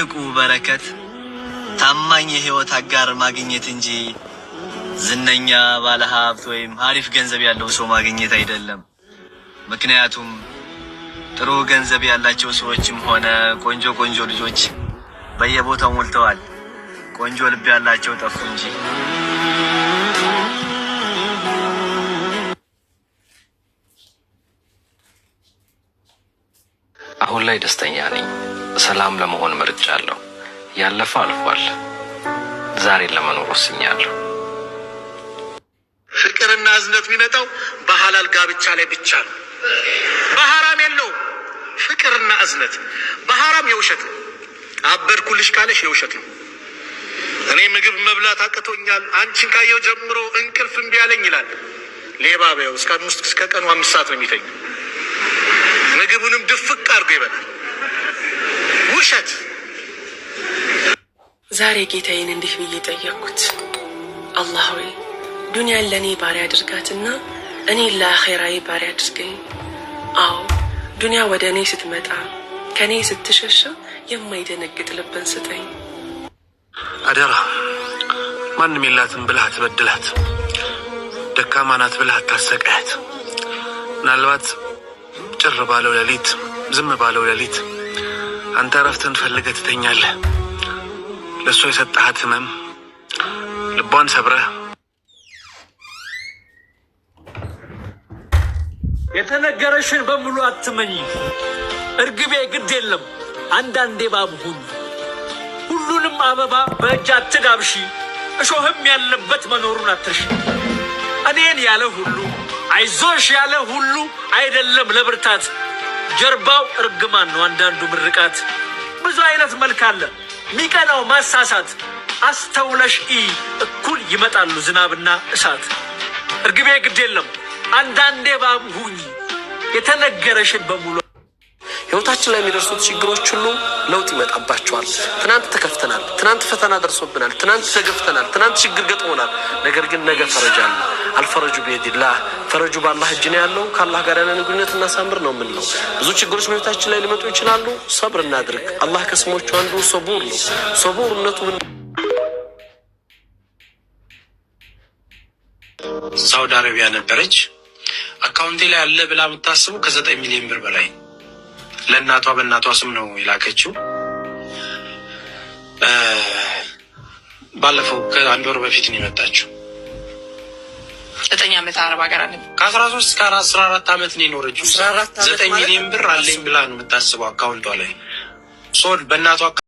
ትልቁ በረከት ታማኝ የህይወት አጋር ማግኘት እንጂ ዝነኛ ባለሀብት ወይም አሪፍ ገንዘብ ያለው ሰው ማግኘት አይደለም። ምክንያቱም ጥሩ ገንዘብ ያላቸው ሰዎችም ሆነ ቆንጆ ቆንጆ ልጆች በየቦታው ሞልተዋል። ቆንጆ ልብ ያላቸው ጠፉ እንጂ አሁን ላይ ደስተኛ ነኝ። ሰላም ለመሆን መርጫለሁ። ያለፈ አልፏል። ዛሬን ለመኖር ወስኛለሁ። ፍቅርና እዝነት የሚመጣው በሐላል ጋብቻ ላይ ብቻ ነው። በሐራም የለው ፍቅርና እዝነት በሐራም የውሸት ነው። አበድኩልሽ ካለሽ የውሸት ነው። እኔ ምግብ መብላት አቅቶኛል፣ አንቺን ካየው ጀምሮ እንቅልፍ እምቢ አለኝ ይላል ሌባ። በይው እስከ ቀኑ አምስት ሰዓት ነው የሚተኝ ምግቡንም ድቅቅ አድርጎ ይበላል። ውሸት። ዛሬ ጌታዬን እንዲህ ብዬ ጠየቅኩት፣ አላህ ሆይ ዱንያን ለእኔ ባሪያ አድርጋትና እኔ ለአኼራዬ ባሪያ አድርገኝ። አዎ ዱንያ ወደ እኔ ስትመጣ ከእኔ ስትሸሸ የማይደነግጥ ልብን ስጠኝ። አደራ ማንም የላትም ብለህ አትበድላት። ደካማ ናት ብለህ አታሰቃያት። ምናልባት ጭር ባለው ሌሊት ዝም ባለው ሌሊት አንተ እረፍትን ፈልገህ ትተኛለህ። ለእሷ የሰጠሃት ህመም ልቧን ሰብረህ የተነገረሽን በሙሉ አትመኝ እርግቤ፣ ግድ የለም አንዳንዴ ባብሁን ሁሉ ሁሉንም አበባ በእጅ አትጋብሺ። እሾህም ያለበት መኖሩን አትርሺ። እኔን ያለ ሁሉ አይዞሽ ያለ ሁሉ አይደለም ለብርታት ጀርባው እርግማን ነው። አንዳንዱ ምርቃት ብዙ አይነት መልክ አለ። ሚቀናው ማሳሳት አስተውለሽ ኢ እኩል ይመጣሉ ዝናብና እሳት። እርግቤ ግድ የለም አንዳንዴ ባሁኝ የተነገረሽን በሙሉ ህይወታችን ላይ የሚደርሱት ችግሮች ሁሉ ለውጥ ይመጣባቸዋል። ትናንት ተከፍተናል፣ ትናንት ፈተና ደርሶብናል፣ ትናንት ተገፍተናል፣ ትናንት ችግር ገጥሞናል። ነገር ግን ነገ ፈረጃ ነው። አልፈረጁ ቢየዲላህ ፈረጁ በአላህ እጅ ነው ያለው። ከአላህ ጋር ያለን ግንኙነት እናሳምር ነው የምንለው። ብዙ ችግሮች በቤታችን ላይ ሊመጡ ይችላሉ። ሰብር እናድርግ። አላህ ከስሞቹ አንዱ ሰቡር ነው። ሰቡርነቱ ሳውዲ አረቢያ ነበረች። አካውንቴ ላይ አለ ብላ የምታስቡ ከዘጠኝ ሚሊዮን ብር በላይ ለእናቷ በእናቷ ስም ነው የላከችው። ባለፈው ከአንድ ወር በፊት ነው የመጣችው። ዘጠኝ ዓመት አረብ ሀገር አለ ከአስራ ሶስት እስከ አስራ አራት ዓመት ነው የኖረችው። ዘጠኝ ሚሊዮን ብር አለኝ ብላ ነው የምታስበው አካውንቷ ላይ ሶል በእናቷ